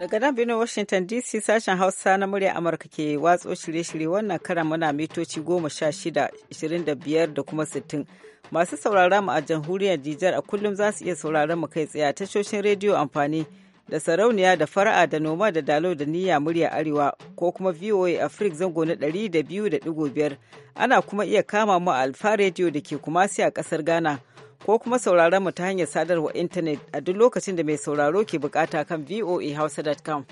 Daga nan birnin Washington DC sashen Hausa na murya Amurka ke watso shirye-shirye wannan karan muna mitoci goma sha shida, ishirin da biyar da kuma sittin. Masu saurara mu a jamhuriyar Nijar a kullum za su iya saurara mu kai tsaye a tashoshin rediyo amfani. da sarauniya da fara'a da noma da dalo da niyya murya arewa ko kuma voa afrik zango na biyar ana kuma iya kama mu a alfa radio da ke kumasi a kasar ghana ko kuma sauraron mu ta hanyar sadarwa intanet a duk lokacin da mai sauraro ke bukata kan voahausa.com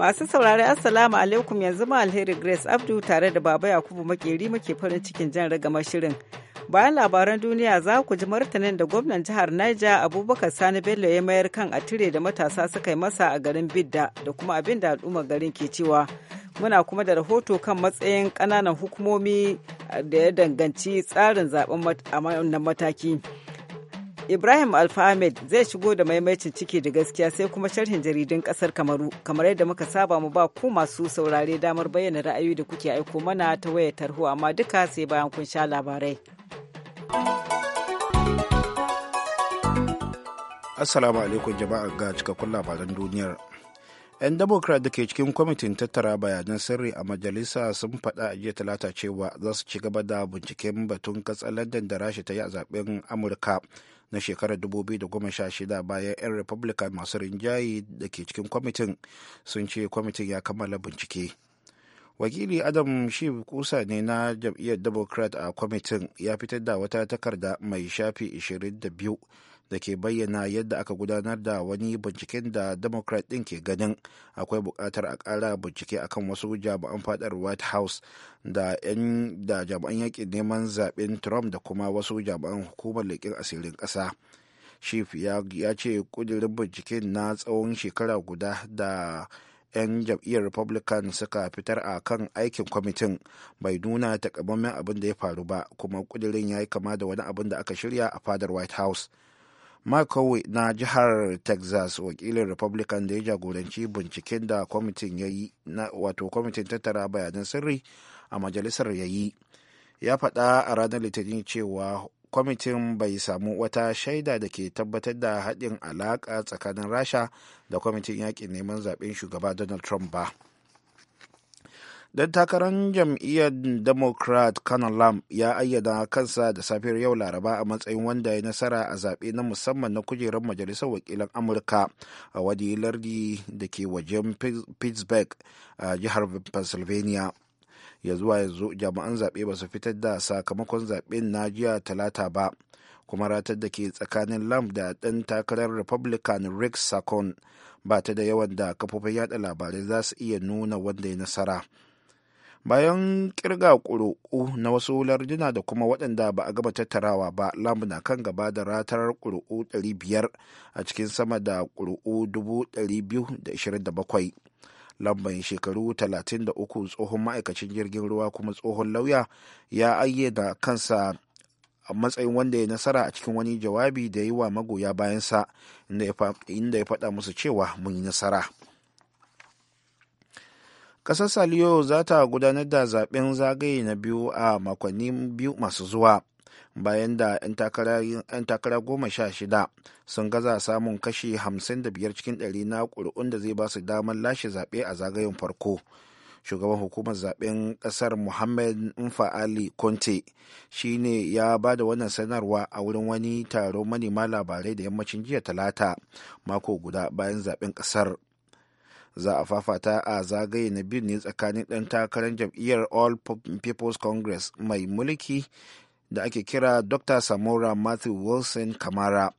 Masu saurari Assalamu alaikum yanzu ma alheri Grace Abdu tare da Baba Yakubu Makeri muke farin cikin jan ragamar shirin. bayan labaran duniya za ku ji martanin da gwamnan jihar Niger Abubakar Sani Bello ya mayar kan a tire da matasa suka yi masa a garin Bidda da kuma abin da al'ummar garin ke cewa. Muna kuma da rahoto kan matsayin ƙananan hukumomi da ya danganci tsarin zaben a mataki. Ibrahim Alfahamed zai shigo da maimacin ciki da gaskiya sai kuma sharhin jaridun kasar Kamaru kamar yadda muka saba mu ba ku masu saurare damar bayyana ra'ayoyi da kuke aiko mana ta wayar tarho amma duka sai bayan kun sha labarai. Assalamu alaikum jama'a ga cikakkun labaran duniyar. 'yan democrat da ke cikin kwamitin tattara bayanan sirri a majalisa sun faɗa a jiya talata cewa za su ci gaba da binciken batun ƙasar london da rasha ta yi a zaben amurka na shekarar 2016 bayan 'yan republican masu rinjaye da ke cikin kwamitin sun ce kwamitin ya kammala bincike wakili adam shi kusa ne na jam'iyyar democrat a kwamitin ya fitar da wata takarda mai shafi 22 da ke bayyana yadda aka gudanar da wani binciken da democrat ɗin ke ganin akwai buƙatar a ƙara bincike akan wasu jami'an fadar white house da jami'an yakin neman zaɓen trump da kuma wasu jami'an hukumar leƙin asirin ƙasa chief ya ce ƙudurin binciken na tsawon shekara guda da 'yan jam'iyyar republican suka fitar a kan aikin kwamitin bai nuna takamaiman abin da ya faru ba kuma kudirin ya yi kama da wani abin da aka shirya a fadar white house mccoy na jihar texas wakilin republican da ya jagoranci binciken da kwamitin ya yi wato kwamitin tattara bayanan sirri a majalisar ya yi ya faɗa a ranar litinin cewa kwamitin bai samu wata shaida da ke tabbatar da haɗin alaƙa tsakanin rasha da kwamitin yaƙin neman zaɓen shugaba donald trump ba dan takarar jam'iyyar democrat conor lam ya ayyana kansa da safiyar yau laraba a matsayin wanda ya nasara a zaɓe na musamman na kujerar majalisar wakilan amurka a wadi lardi da ke wajen pittsburgh a jihar pennsylvania ya zuwa yanzu jami'an zaɓe ba su fitar da sakamakon zaɓen na jiya talata ba kuma ratar da ke tsakanin lamb da ɗan takarar republican rick sakon ba ta da yawan da kafofin yada labarai za su iya nuna wanda ya nasara bayan kirga ƙuri'u na wasu larduna da kuma waɗanda ba a gaba tattarawa ba lamb na kan gaba da ratar ƙuri'u 500 a cikin sama da ƙuri'u 227 lamban shekaru 33 tsohon ma'aikacin jirgin ruwa kuma tsohon lauya ya ayyana kansa a matsayin wanda ya nasara a cikin wani jawabi da yi wa magoya bayansa inda ya faɗa musu cewa mun yi nasara. kasar saliyo za ta gudanar da zaben zagaye na biyu a makonni biyu masu zuwa bayan da 'yan takara goma sha shida sun gaza samun kashi 55 cikin ɗari na ƙuri'un da zai ba su damar lashe zaɓe a zagayen farko shugaban hukumar zaben ƙasar muhammad nfa ali conte shine ya ba da wannan sanarwa a wurin wani taron manema labarai da yammacin jiya talata mako guda bayan zaben ƙasar za a fafata a zagaye na biyu ne tsakanin ɗan takarar jam'iyyar all people's congress mai mulki da ake kira dr samora matthew wilson kamara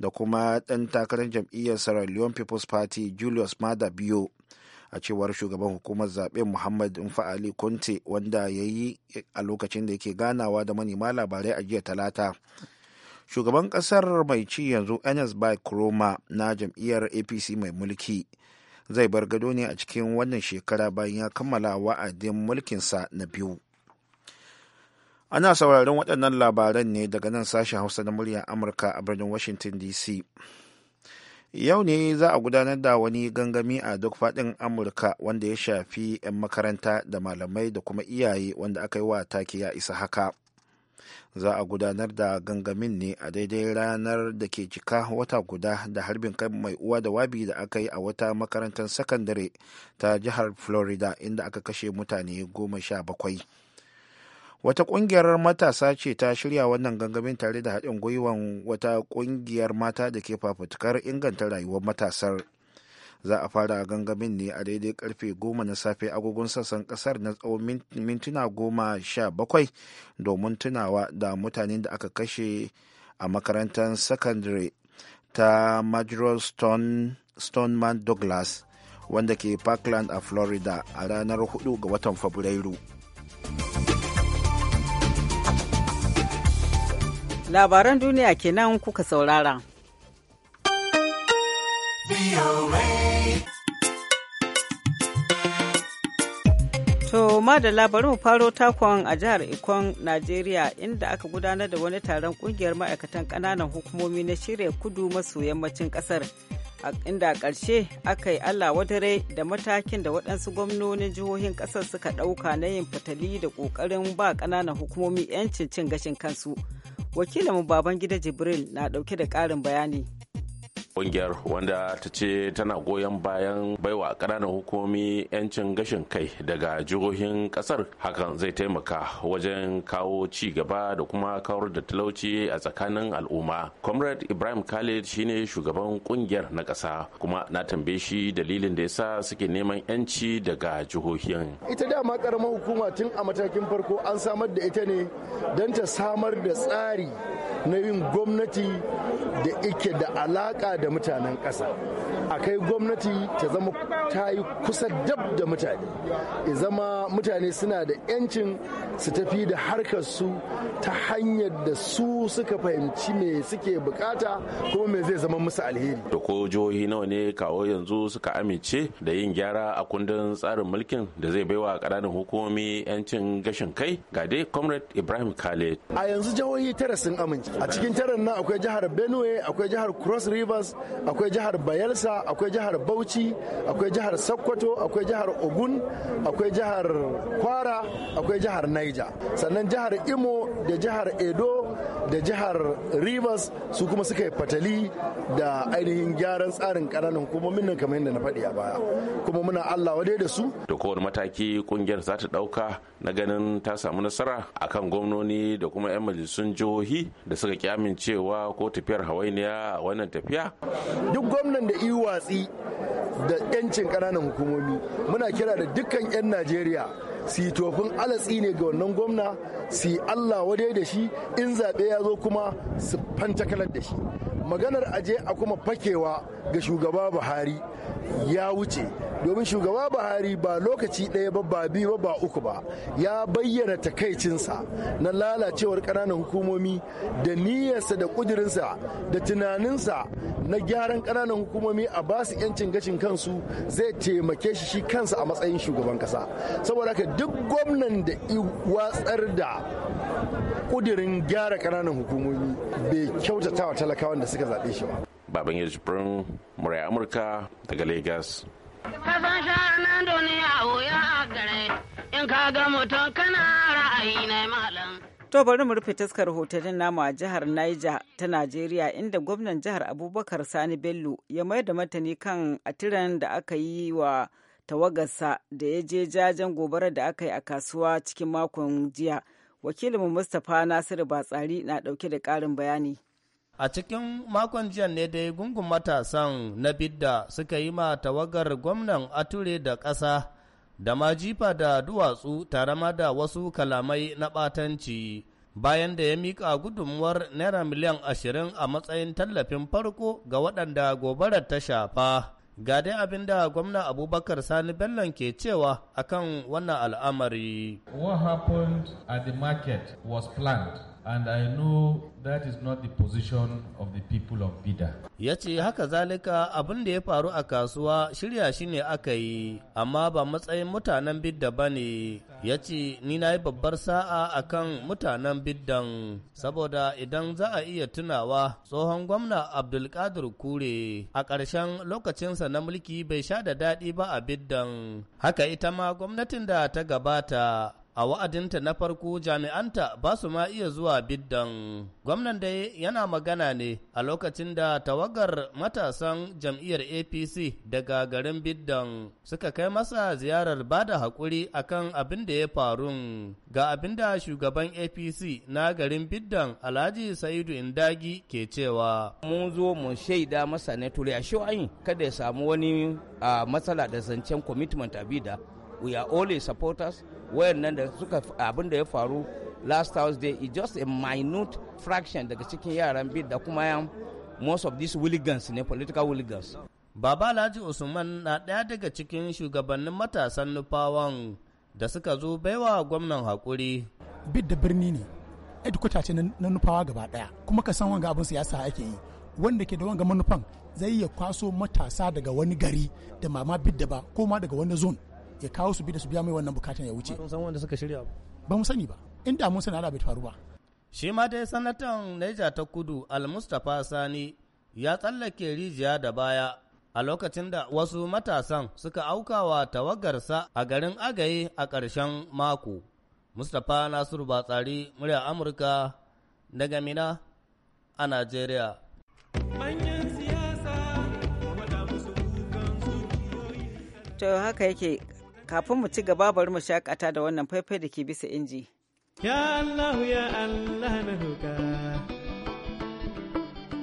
da kuma ɗan takarar jam'iyyar sierra leone people's party julius mada biyo a cewar shugaban hukumar zaɓen muhammad fa'ali kunte wanda ya yi a lokacin da yake ganawa da manema labarai a jiya talata shugaban ƙasar mai ci yanzu enes bai kroma na jam'iyyar apc mai mulki zai bar gado ne a cikin wannan shekara bayan ya kammala wa'adin mulkinsa na biyu ana sauraron waɗannan labaran ne daga nan sashen hausa na muryar amurka a birnin washington dc yau ne za a gudanar da wani gangami a duk faɗin amurka wanda ya shafi 'yan makaranta da malamai da kuma iyaye wanda aka yi wa take ya isa haka za a gudanar da gangamin ne a daidai ranar da ke cika wata guda da harbin kai mai uwa da wabi da aka yi a wata makarantar sakandare ta jihar florida inda aka kashe mutane goma sha bakwai wata kungiyar matasa ce ta shirya wannan gangamin tare da haɗin gwiwan wata kungiyar mata da ke fafutukar inganta rayuwar matasar za a fara gangamin ne a daidai karfe goma na safe agogon sassan kasar na tsawon mintuna goma sha bakwai domin tunawa da mutanen da aka kashe a makarantar secondary ta madrid stone stoneman douglas wanda ke parkland a florida a ranar 4 ga watan fabrairu labaran duniya kenan kuka saurara. To madalla bari mu faro takon a jihar Ikon Najeriya inda aka gudanar da wani taron kungiyar ma'aikatan ƙananan hukumomi na shirya kudu maso yammacin ƙasar. Inda a ƙarshe aka yi Allah wadare da matakin da waɗansu gwamnonin jihohin ƙasar suka ɗauka na yin fatali da ƙoƙarin ba ƙananan hukumomi 'yancin cin gashin kansu. Wakilinmu Babangida Jibril na ɗauke da ƙarin bayani. kungiyar wanda ta ce tana goyon bayan baiwa ƙananan hukumomi 'yancin gashin kai daga jihohin ƙasar hakan zai taimaka wajen kawo ci gaba da kuma kawar da talauci a tsakanin al'umma comrade ibrahim khalid shine shugaban kungiyar na ƙasa kuma na tambaye shi dalilin da yasa suke neman 'yanci daga jihohin ita dama karamar hukuma tun a matakin farko an samar da ita ne don ta samar da tsari na yin gwamnati da ike da alaka da mutanen ƙasa akai gwamnati ta zama ta yi kusa dab da mutane ya zama mutane suna da 'yancin su tafi da harkar su ta hanyar da su suka fahimci me suke bukata kuma me zai zama musu alheri da ko jihohi nawa ne kawo yanzu suka amince da yin gyara a kundin tsarin mulkin da zai baiwa kananan hukumomi 'yancin gashin kai ga dai comrade ibrahim khaled a yanzu jihohi tara sun amince a cikin taran nan akwai jihar benue akwai jihar cross rivers akwai jihar bayelsa akwai jihar bauchi akwai jihar sokoto akwai jihar ogun akwai jihar kwara akwai jihar naija sannan jihar imo da jihar edo da jihar rivers su kuma suka yi fatali da ainihin gyaran tsarin kananan hukumomin nan kamar yadda na faɗi a baya kuma muna allah wadai da su da kowane mataki kungiyar za ta ɗauka na ganin ta samu nasara kan gwamnoni da kuma 'yan majalisun jihohi da suka kyamin amincewa ko tafiyar hawainiya a wannan tafiya duk gwamnan da yi watsi da 'yancin ƙananan hukumomi muna kira da dukkan 'yan najeriya su yi tofin alatsi ne ga wannan gwamna su yi allah wadai da shi in zaɓe ya zo kuma su fantakalar da shi maganar aje a kuma fakewa ga shugaba buhari ya wuce domin shugaba buhari ba lokaci ɗaya ba ba biyu ba ba uku ba ya bayyana takaicinsa na lalacewar ƙananan hukumomi da niyyarsa da ƙudurinsa da tunaninsa na gyaran ƙananan hukumomi a basu 'yancin gashin kansu zai taimake shi shi kansa a matsayin shugaban ƙasa saboda haka duk gwamnan da watsar da kudirin gyara ƙananan hukumomi bai kyautata wa talakawan da suka zaɓe shi ba. Baban Yajibirin Murai Amurka daga Lagos. Kasan duniya wuya a gare in ka ga mutum kana ra'ayi na malam. To bari mu rufe taskar hotunan namu a jihar Niger ta Najeriya inda gwamnan jihar Abubakar Sani Bello ya mai da matani kan atiran da aka yi wa tawagarsa da ya je jajen gobarar da aka yi a kasuwa cikin makon jiya wakilin mustapha nasiru batsari na dauke da karin bayani a cikin makon jiya ne dai gungun matasan na bidda suka yi ma tawagar gwamnan ature da ƙasa da ma jifa da duwatsu tare ma da wasu kalamai na batanci bayan da ya miƙa gudunmuwar naira miliyan ashirin a matsayin tallafin farko ga waɗanda gobarar ta shafa Ga dai abin da gwamna Abubakar Sani Bello ke cewa akan wannan al'amari. What happened at the market was planned. and I know that is not the position of the people of Bida. Ya haka zalika abin da ya faru a kasuwa shirya shi ne aka yi, amma ba matsayin mutanen Bidda ba ne. Ya ce ni nayi babbar sa'a akan mutanen Biddan, saboda idan za a iya tunawa tsohon gwamna Abdulkadir Kure a ƙarshen lokacinsa na mulki bai sha da daɗi ba a Biddan. Haka ita ma gwamnatin da ta gabata a wa'adinta na farko jami'anta ba su ma iya zuwa biddan. Gwamnan dai yana magana ne a lokacin da tawagar matasan jam'iyyar APC daga garin biddan suka kai masa ziyarar ba da haƙuri akan abin da ya faru ga abin da shugaban APC na garin biddan Alhaji Sa'idu Indagi ke cewa. Mun zo mu shaida masa ne turai a shi'ayin kada ya samu wani ah, matsala da zancen commitment abida. We are only supporters wayannan da suka abin da ya faru last Thursday is just a minute fraction daga cikin yaran bid da kuma yan most of these hooligans ne political hooligans. Baba Alhaji Usman na daya daga cikin shugabannin matasan nufawan da suka zo baiwa gwamnan haƙuri. Bid da birni ne, edukwata ce na nufawa gaba ɗaya, kuma ka san wanga abin siyasa ake yi. Wanda ke da wanga manufan zai iya kwaso matasa daga wani gari da mama bid da ba ko ma daga wani zone ya kawo su bi da su biya mai wannan bukatan ya wuce san wanda suka shirya ba mu sani ba inda mun sani bai faru ba shi ma dai sanatan Naija ta kudu al-Mustapha Sani ya tsallake rijiya da baya a lokacin da wasu matasan suka aukawa tawagarsa a garin agaye a ƙarshen mako. Mustapha Nasiru Batsari murya Amurka daga Mina a Najeriya. To haka yake Kafin mu ci gaba bari mu shakata da wannan faifai da ke bisa inji. Ya Allah ya Allah na roƙa.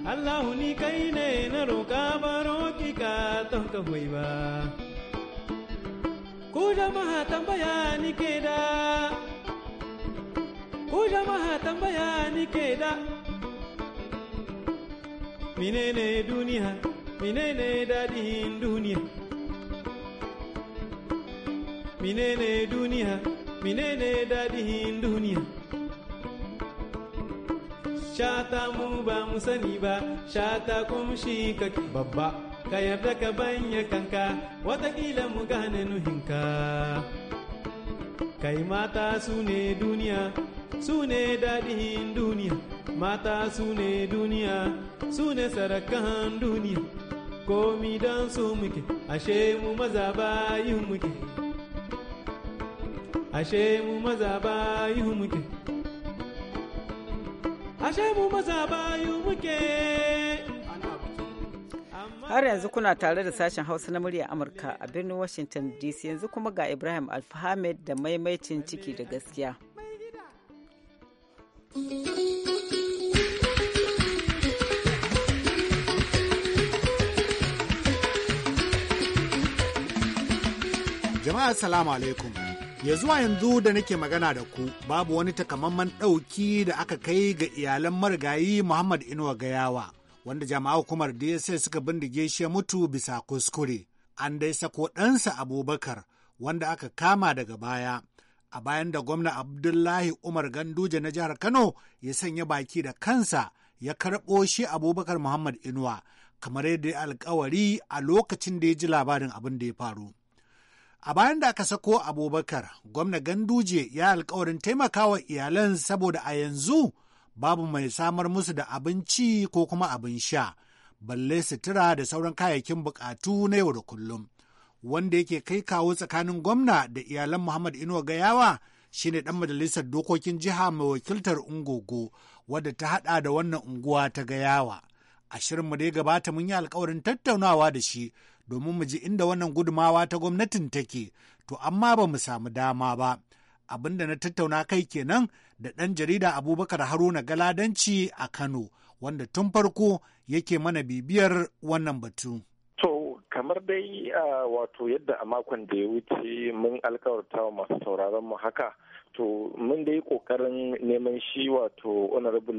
Allah ni kai ne na roƙa ba roƙi ka ton ka ba. Ku jama'a tambaya ni ke da. Ku jama'a tambaya ni ke da. ne duniya? mine ne dadin duniya? minene duniya minene dadihin duniya shata mu ba mu sani ba shata kuma shi kake babba ka yarda ka banya kanka watakila mu gane nuhinka kai mata su ne duniya su ne dadihin duniya mata su ne duniya su ne sarakan duniya komi don su muke ashe mu maza bayin muke ashe mu maza bayu muke ashe mu maza bayu muke har yanzu kuna tare da sashen hausa na murya amurka a birnin washington dc yanzu kuma ga ibrahim alfahamed da maimaicin ciki da gaskiya jama'a salamu alaikum ya zuwa yanzu da nake magana da ku babu wani takamaiman ɗauki da aka kai ga iyalan marigayi muhammad inuwa gayawa wanda jama'a hukumar dss suka bindige shi ya mutu bisa kuskure an dai sako ɗansa abubakar wanda aka kama daga baya a bayan da gwamna abdullahi umar ganduje na jihar kano ya sanya baki da kansa ya karɓo shi abubakar muhammad inuwa kamar yadda ya alkawari a lokacin da ya ji labarin abin da ya faru A bayan da aka sako Abubakar, gwamna Ganduje ya alkawarin taimakawa iyalan saboda a yanzu babu mai samar musu da abinci ko kuma abin sha, balle sutura da sauran kayayyakin bukatu na yau da kullum. Wanda yake kai kawo tsakanin gwamna da iyalan Muhammad Inuwa Gayawa shine ɗan majalisar dokokin jiha mai wakiltar Ungogo, wadda ta haɗa da wannan unguwa ta Gayawa. A shirinmu da ya gabata mun yi alkawarin tattaunawa da shi domin mu ji inda wannan gudumawa ta gwamnatin take, to amma ba mu samu dama ba. abinda na tattauna kai kenan da ɗan jarida Abubakar Haruna Galadanci a Kano, wanda tun farko yake mana bibiyar wannan batu. kamar dai wato yadda a makon da ya wuce mun alkawarta wa masu sauraron mu haka to mun dai ƙoƙarin neman shi wato honorable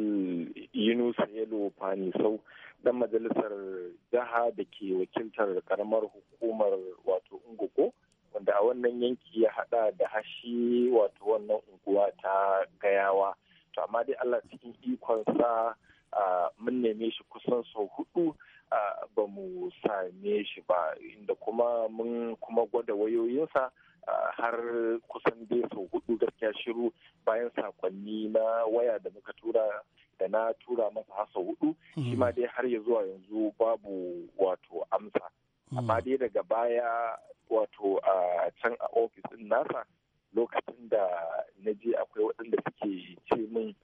yunus Yelo fani sau dan majalisar jiha da ke wakiltar karamar hukumar wato ungogo wanda a wannan yanki ya hada da hashi wato wannan unguwa ta gayawa to amma dai allah cikin ikonsa mun neme shi kusan sau hudu ba mu same shi ba inda kuma mun kuma gwada wayoyinsa har kusan dai sau hudu gaskiya shiru bayan sakonni na waya da muka tura da na tura masa har sau hudu shi ma dai har ya zuwa yanzu babu wato amsa hmm. amma dai daga baya wato a can a ofis nasa lokacin da na je akwai waɗanda suke ce min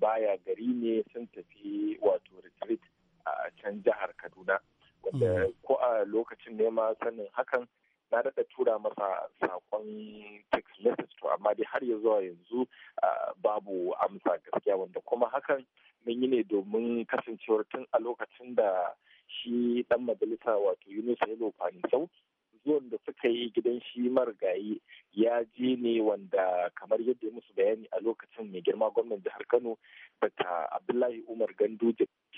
baya gari ne sun tafi wato retreat a can jihar kaduna wanda hmm. ko a lokacin nema sanin hakan na daɗa tura masa saƙon text message to amma dai har ya zuwa yanzu babu amsa gaskiya wanda kuma hakan mun yi ne domin kasancewar tun a lokacin da shi ɗan majalisa wato Yunus Yalo sau, zuwan da suka yi gidan shi marigayi ya je ne wanda kamar yadda ya musu bayani a lokacin mai girma gwamnan jihar Kano bata Abdullahi Umar Gandu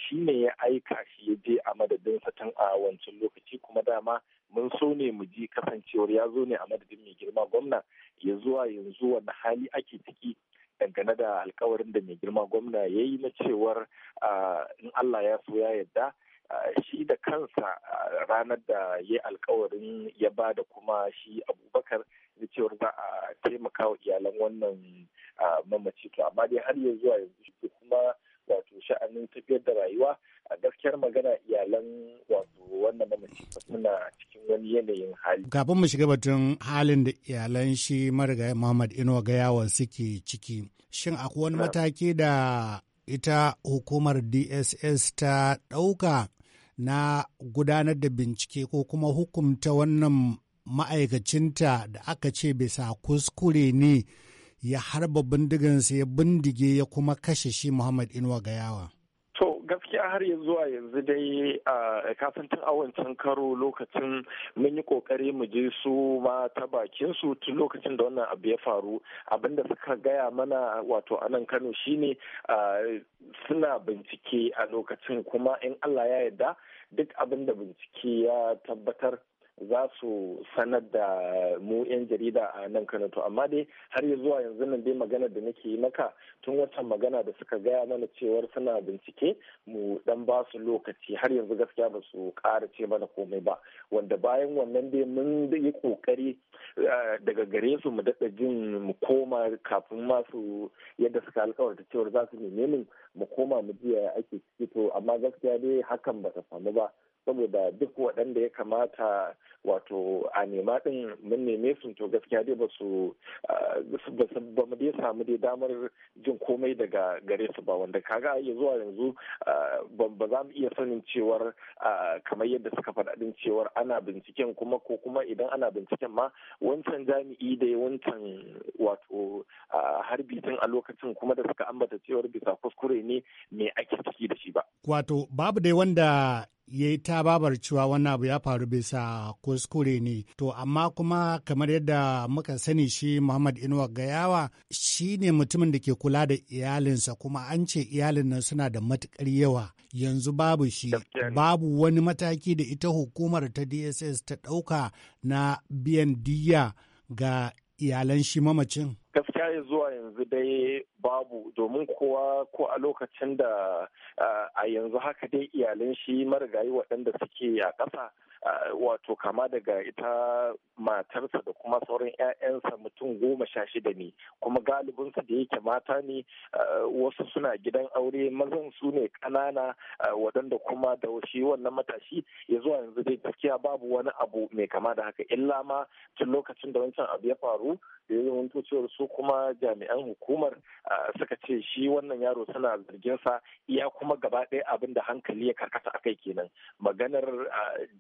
shi ne ya aika shi ya je a madadinsa tun a wancan lokaci kuma dama mun so ne mu ji kasancewar ya zo ne a madadin mai girma gwamna ya zuwa yanzu wani hali ake ciki dangane da alkawarin da mai girma gwamna ya yi na cewar in Allah ya so ya yadda, shi da kansa ranar da ya alkawarin ya ba da kuma shi abubakar da cewar za a taimaka wa iyalan wannan mamaci to amma dai har yanzu a yanzu kuma wato sha'anin tafiyar da rayuwa a gaskiyar magana iyalan wato wannan mamaci muna cikin wani yanayin hali. Kafin mu shiga batun halin da iyalan shi marigayi Muhammad Inuwa yawon suke ciki. Shin akwai wani mataki da ita hukumar DSS ta ɗauka na gudanar da bincike ko kuma hukumta wannan ma'aikacinta da aka ce bisa kuskure ne. ya harba bindigansa ya bindige ya kuma kashe shi Muhammad Inuwa Gayawa? To gaskiya har ya zuwa yanzu dai a tun a wancan karo lokacin mun yi kokari mu je su ma ta bakin su tun lokacin da wannan abu ya faru abinda suka gaya mana wato anan nan Kano shine suna bincike a lokacin kuma in Allah ya yarda duk abin da bincike ya tabbatar za su sanar da mu 'yan jarida a nan kano to amma dai har ya zuwa yanzu nan dai magana da nake yi maka tun watan magana da suka gaya mana cewar suna bincike mu dan ba su lokaci har yanzu gaskiya ba su ƙara ce mana komai ba wanda bayan wannan dai mun yi ƙoƙari eh, daga gare su mu daɗa jin mu koma kafin masu yadda suka alkawarta cewar za su neme mu mu koma mu jiya ake ciki to amma gaskiya dai hakan ba ta samu ba saboda duk waɗanda ya kamata wato a nema ɗin mun neme su to gaskiya dai ba su ah, ba mu dai samu dai damar jin komai daga gare su ba wanda kaga ya zuwa yanzu ah, ba za mu iya sanin cewar ah, kamar yadda suka faɗa ɗin cewar ana binciken kuma ko kuma idan ana binciken ma wancan jami'i da wancan wato harbi tun a lokacin kuma da suka ambata cewar bisa kuskure ne me ake ciki da shi ba. Wato babu dai wanda ya yi ta babar cewa wani abu ya faru bisa kuskure ne to amma kuma kamar yadda muka sani shi muhammad inuwa gayawa shi ne mutumin da ke kula da iyalinsa kuma an ce iyalin nan suna da matukar yawa yanzu babu shi babu wani mataki da ita hukumar ta dss ta ɗauka na biyan diya ga iyalan shi mamacin? Gaskiya ya zuwa yanzu dai babu domin kowa ko a lokacin da a yanzu haka dai iyalan shi marigayi waɗanda suke a ƙasa Uh, wato kama daga ita matarsa da kuma sauran 'ya'yansa mutum goma sha shida ne kuma galibinsu da yake mata ne uh, wasu suna gidan aure mazan su ne ƙanana uh, waɗanda kuma da shi wannan matashi ya zuwa yanzu dai gaskiya babu wani abu mai kama da haka illa ma tun lokacin da wancan abu ya faru da ya zama cewar su kuma jami'an hukumar suka ce shi wannan yaro suna zargin sa iya kuma gaba ɗaya abin da hankali ya karkata a kai kenan maganar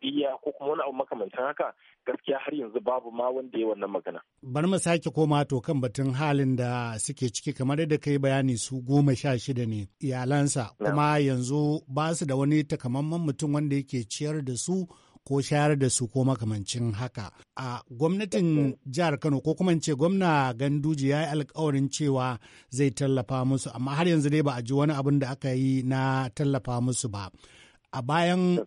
diya ko kuma wani abu makamancin haka gaskiya har yanzu babu ma wanda ya wannan magana. bari mu sake koma to kan batun halin da suke ciki kamar yadda kai bayani su goma sha shida ne iyalansa kuma yanzu ba su da wani takamaiman mutum wanda yake ciyar da su ko shayar da su ko makamancin haka a gwamnatin jihar kano ko kuma ce gwamna ganduji ya yi alkawarin cewa zai tallafa musu amma har yanzu dai ba a ji wani abin da aka yi na tallafa musu ba a bayan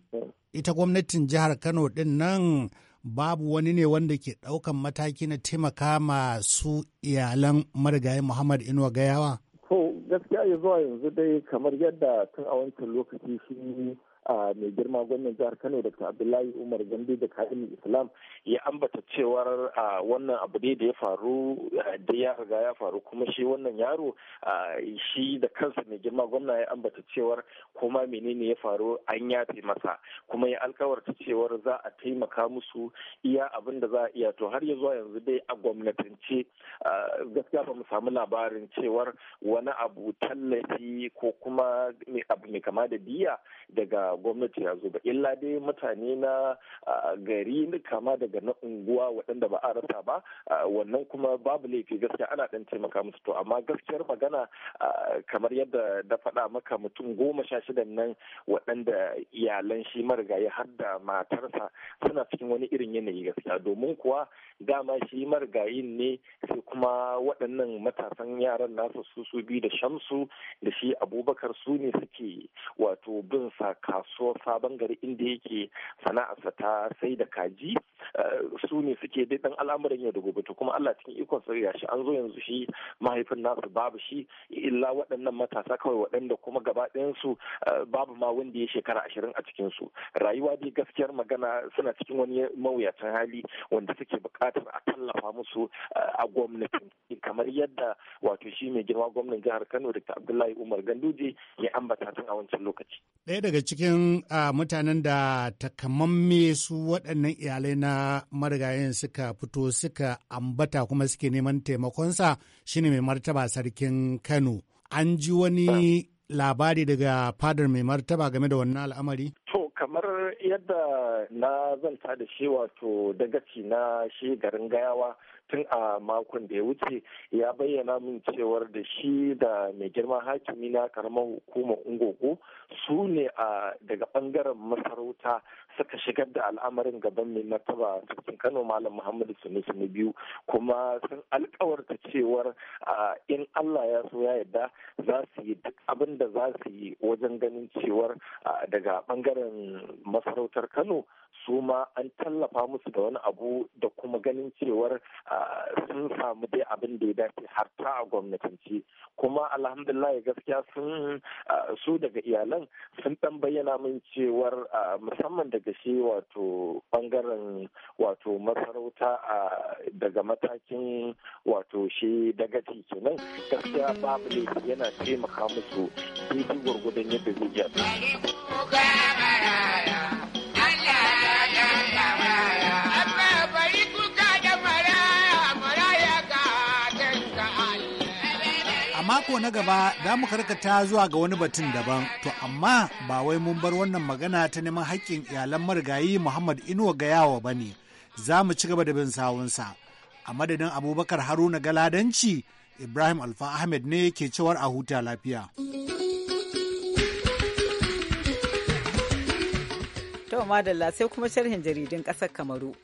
ita gwamnatin jihar kano din nan babu wani ne wanda ke ɗaukan mataki na taimaka masu iyalan marigayi muhammad inuwa gayawa gaskiya ya zuwa yanzu dai kamar yadda tun a wancan lokaci shi a mai girma gwamnan jihar kano da abdullahi umar gambi da kayan islam ya ambata cewar wannan abu ne da ya faru da ya riga ya faru kuma shi wannan yaro shi da kansa mai girma gwamna ya ambata cewar kuma menene ya faru an ya taimaka kuma ya alkawarta cewar za a taimaka musu iya abin da za a iya to har ya zuwa yanzu dai a gwamnatance gaskiya ba mu samu labarin cewar wani abu tallafi ko kuma abu mai kama da biya daga gwamnati ya zo ba illa dai mutane na gari kama daga na unguwa waɗanda ba a rasa ba wannan kuma babu laifi gaskiya ana ɗan taimaka musu to amma gaskiyar magana kamar yadda da faɗa maka mutum goma sha shida nan waɗanda iyalan shi marigayi har da matarsa suna cikin wani irin yanayi gaskiya domin kuwa dama shi marigayin ne sai kuma waɗannan matasan yaran nasa su su biyu da shamsu da shi abubakar su ne suke wato bin sa kasuwar sabon gari inda yake sana'arsa ta sai da kaji eh, su ne suke dai dan al'amuran yau da gobe to kuma Allah cikin ikon sa ya shi an zo yanzu shi mahaifin nasu babu shi illa waɗannan matasa kawai waɗanda kuma gaba ɗayan su eh, babu ma wanda ya shekara ashirin a cikin su rayuwa dai gaskiyar magana suna cikin wani mawuyacin hali wanda suke buƙatar a tallafa musu eh, a gwamnati kamar yadda wato shi mai girma gwamnan jihar Kano da Abdullahi Umar Ganduje ya ambata tun a wancan lokaci. Ɗaya daga cikin ganin mutanen da takamamme su waɗannan iyalai na marigayen suka fito suka ambata kuma suke neman taimakonsa shine mai martaba sarkin Kano. An ji wani labari daga fadar mai martaba game da wannan al'amari? To, kamar yadda na zanta da shi wato dagaci na shi garin gayawa. tun a makon da ya wuce ya bayyana min cewar da shi da mai girman hakimi na karamar hukumar ungogo su ne daga bangaren masarauta suka shigar da al'amarin gaban mai martaba sarkin kano malam muhammadu sunusu na biyu kuma sun alkawarta cewar in allah ya so ya yadda za su yi duk abin da za su yi wajen ganin cewar daga bangaren masarautar kano su ma an tallafa musu da wani abu da kuma ganin cewar sun samu dai abin da ya dace har ta a gwamnatance kuma alhamdulillah gaskiya sun su daga iyalan sun dan bayyana min cewar musamman daga shi wato bangaren wato masarauta daga matakin wato shi dagati kenan gaskiya babu ne yana taimaka musu daidai gurgudan yadda zai iya. mako na gaba za mu karkata zuwa ga wani batun daban, to amma ba wai mun bar wannan magana ta neman haƙƙin iyalan marigayi Muhammad Inuwa ga yawa ba ne, za mu ci gaba da bin sawunsa. A madadin Abubakar Haruna Galadanci, Ibrahim Alfa Ahmed ne ke cewar a huta lafiya. To madalla sai kuma sharhin jaridun ƙasar Kamaru.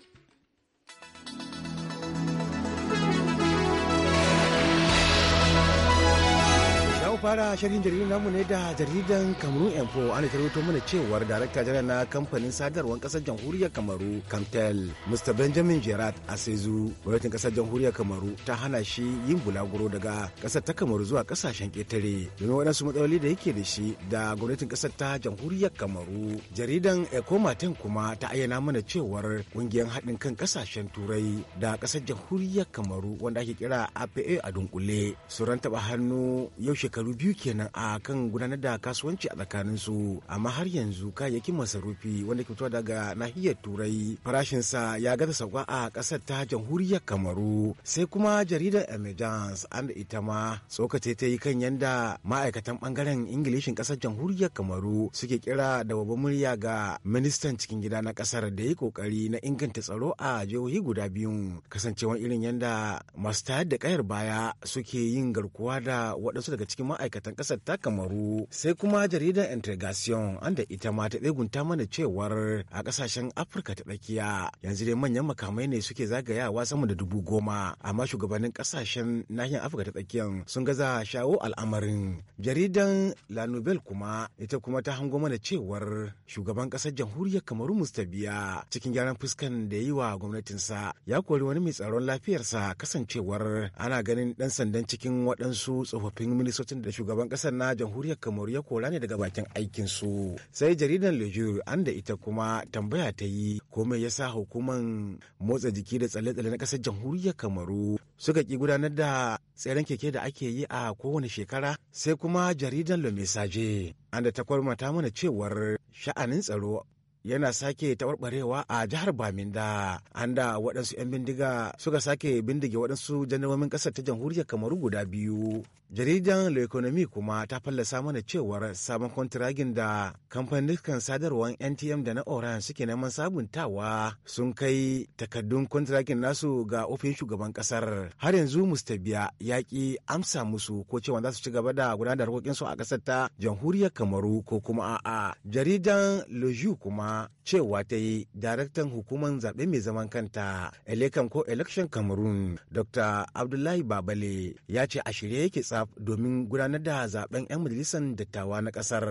fara shirin jaridar namu ne da jaridan kamaru Info ana tarwato mana cewar darakta janar na kamfanin sadarwar kasar jamhuriyar Kamaru kamtel Mr Benjamin Gerard Asezu gwamnatin kasar jamhuriyar Kamaru ta hana shi yin bulaguro daga kasar ta Kamaru zuwa kasashen ketare domin waɗansu matsaloli da yake da shi da gwamnatin kasar ta jamhuriyar Kamaru jaridan Eco kuma ta ayyana mana cewar kungiyar haɗin kan kasashen Turai da kasar jamhuriyar Kamaru wanda ake kira APA e a dunkule su ran hannu yau shekaru biyu kenan a kan gudanar da kasuwanci a tsakanin su amma har yanzu kayayyakin masarufi wanda ke fitowa daga nahiyar turai farashinsa ya gaza sauka a ƙasar ta jamhuriyar kamaru sai kuma jaridar emergence an da ita ma tsokace ta yi kan yanda ma'aikatan bangaren ingilishin ƙasar jamhuriyar kamaru suke kira da babban murya ga ministan cikin gida na ƙasar da yi kokari na inganta tsaro a jihohi guda biyun kasancewar irin yanda masu tayar da kayar baya suke yin garkuwa da waɗansu daga cikin ma'aikatan ƙasar ta kamaru sai kuma jaridar integration da ita ma ta tsegunta mana cewar a ƙasashen afirka ta tsakiya yanzu dai manyan makamai ne suke zagayawa sama da dubu goma amma shugabannin ƙasashen nahiyar afirka ta tsakiyan sun gaza shawo al'amarin jaridan la nouvelle kuma ita kuma ta hango mana cewar shugaban ƙasar jamhuriyar kamaru biya cikin gyaran fuskan da ya yi wa gwamnatinsa ya kori wani mai tsaron lafiyarsa kasancewar ana ganin dan sandan cikin waɗansu tsofaffin ministocin da shugaban kasar na jamhuriyar kamaru ya kora ne daga bakin aikin su sai jaridar lejur an da ita kuma tambaya ta yi komai ya sa hukuman motsa jiki da tsale-tsale na kasar jamhuriyar kamaru suka ki gudanar da tseren keke da ake yi a kowane shekara sai kuma jaridar le message an da ta kwarmata mana cewar sha'anin tsaro yana sake taɓarɓarewa a jihar Baminda da waɗansu 'yan bindiga suka sake bindige waɗansu janaromin ƙasar ta jamhuriyar Kamaru guda biyu jaridan l'economy kuma ta fallasa mana cewar sabon kwantiragin da kamfanin sadarwar ntm da na oran suke neman sabuntawa sun kai takaddun kwantiragin nasu ga ofin shugaban kasar har yanzu mustabiya ya ki amsa musu ko cewa za su ci gaba da gudanar harkokin su a kasar ta jamhuriyar kamaru ko kuma a'a jaridan leju kuma cewa ta yi daraktan hukumar zaɓe mai zaman kanta elekam ko election cameroon dr abdullahi babale ya ce a shirye yake tsa INEF domin gudanar da zaben 'yan majalisar dattawa na kasar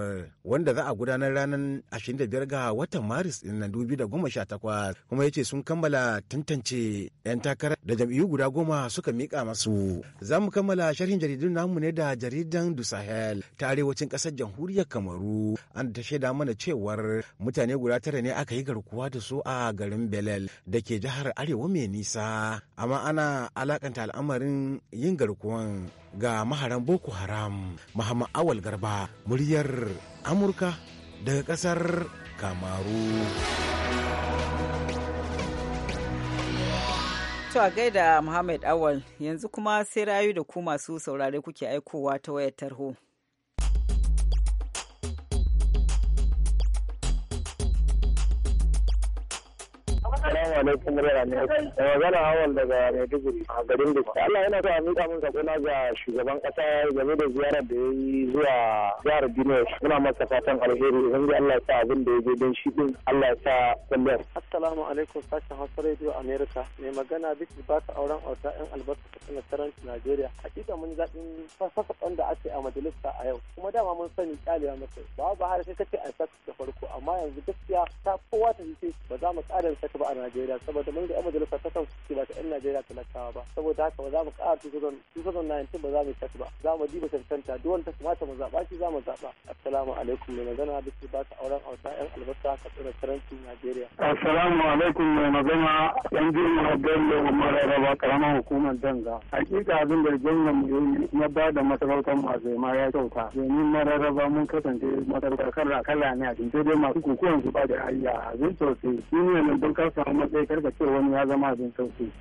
wanda za a gudanar ranar 25 ga watan Maris na 2018 kuma ya ce sun kammala tantance 'yan takarar da jam'iyyu guda goma suka mika masu. Za mu kammala sharhin jaridun namu ne da jaridan Du Sahel ta arewacin kasar jamhuriyar Kamaru an ta shaida mana cewar mutane guda tara ne aka yi garkuwa da su a garin Belel da ke jihar Arewa mai nisa amma ana alakanta al'amarin yin garkuwan ga maharan Boko Haram, Muhammad Awal Garba, muryar Amurka daga kasar Kamaru. To a gaida Muhammad Awal yanzu kuma sai rayu da ku masu saurare kuke aikowa ta wayar tarho. alaikum muryar Amerika. Da magana hawan daga Maiduguri a garin Duk. Allah yana sa miƙa min n'a ga shugaban ƙasa game da ziyarar da ya yi zuwa jihar Benue. Muna masa fatan alheri. Yanzu Allah sa abin da ya je don shi din Allah sa kullum. Assalamu alaikum sashen Hausa Radio America. Mai magana Bisi ba ta auren auta 'yan albarka ta sanar taranci Najeriya. Hakika mun zaɓin fasafan da ake a majalisa a yau. Kuma dama mun sani kyalewa mace. Ba ba har sai kace a saka da farko amma yanzu gaskiya ta kowa ta ce ba za mu ƙara saka ba a Najeriya. Najeriya saboda mun ga yan majalisa ta kan suke ba ta yan Najeriya talakawa ba saboda haka ba za mu ƙara 2019 ba za mu yi ba za mu diba tantanta duk wanda ta kamata mu zaɓa shi za mu zaɓa assalamu alaikum mai magana da ke ba auren auta yan albasa ka tsira karancin Najeriya assalamu alaikum mai magana yan girma haddan da umar rarraba karamar hukumar danga hakika abin da gwamnan mu yi na ba da masarautar masu ma ya kyauta domin mararraba mun kasance matsalolin kala kala ne a cikin sai dai masu kukuwan su ba da ayya abin sosai shi ne mun kasa matsayin zai karka ce wani ya zama abin sauki.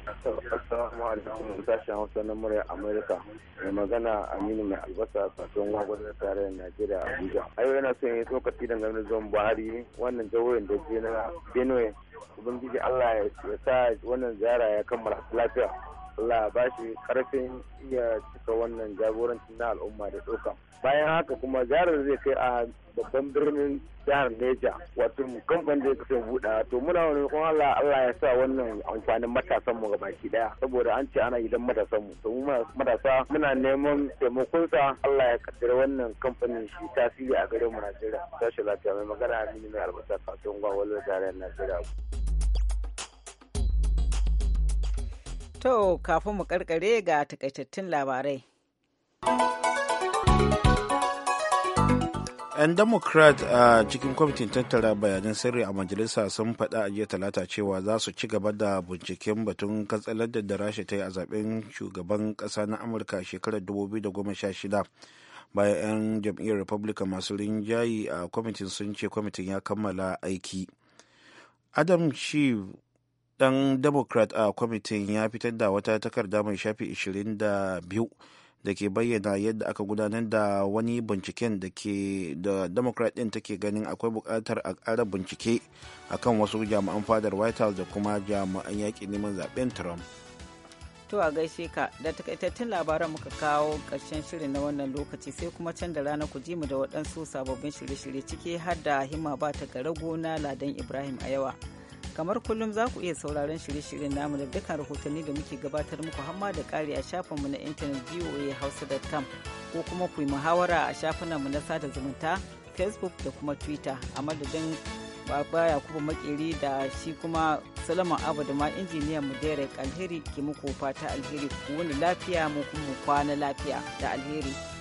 Assalamu alaikum sashen Hausa na murya Amurka mai magana Aminu mai albasa na wagwajen tarayyar Najeriya Abuja. Ayo yana son ya tsokaci ganin zuwan Buhari wannan jawoyin da ke na Benue. Ubangiji Allah ya sa wannan ziyara ya kammala lafiya. Allah ba shi karfin iya cika wannan jagorancin na al'umma da doka. Bayan haka kuma ziyarar zai kai a babban birnin jihar Neja wato kamfan da ya kusa buɗa to muna wani kuma Allah Allah ya sa wannan amfanin matasan mu baki daya saboda an ce ana idan matasan mu to mu matasa muna neman taimakon sa Allah ya kaddara wannan kamfanin shi tasiri a garin mu Najeriya tashi lafiya mai magana Aminu mai albasa kasuwan gwawalo tarayyar Najeriya. To, kafin mu karkare ga takaitattun labarai. 'yan democrat a cikin kwamitin tattara bayanan sirri a majalisa sun faɗa a jiya talata cewa za su ci gaba da binciken batun katsalar da rasha ta yi a zaben shugaban ƙasa na amurka shekarar 2016 bayan 'yan jam'iyyar republican masu rinjayi a kwamitin sun ce kwamitin ya kammala aiki adam shiv dan democrat a kwamitin ya fitar da wata takarda mai shafi 22 da ke bayyana yadda aka gudanar da wani binciken da ke da democrat din take ganin akwai bukatar a ƙara bincike akan wasu jami'an fadar white house da kuma jami'an yaƙi neman zaben trump to a gaishe ka da takaitattun labaran muka kawo ƙarshen shirin na wannan lokaci sai kuma can da rana ku ji mu da waɗansu sababbin shirye-shirye ciki har da himma ba ta gara gona ladan ibrahim a yawa kamar kullum za ku iya sauraron shirye-shiryen namu da dukkan rahotanni da muke gabatar muku hamma da ƙari a shafinmu na intanet tam ko kuma ku yi muhawara a shafinanmu na sada zumunta facebook da kuma twitter a madadin baba yakubu makeri da shi kuma salama abu da ma injiniyan mu derek alheri ke muku fata alheri ku wani lafiya mu kuma kwana lafiya da alheri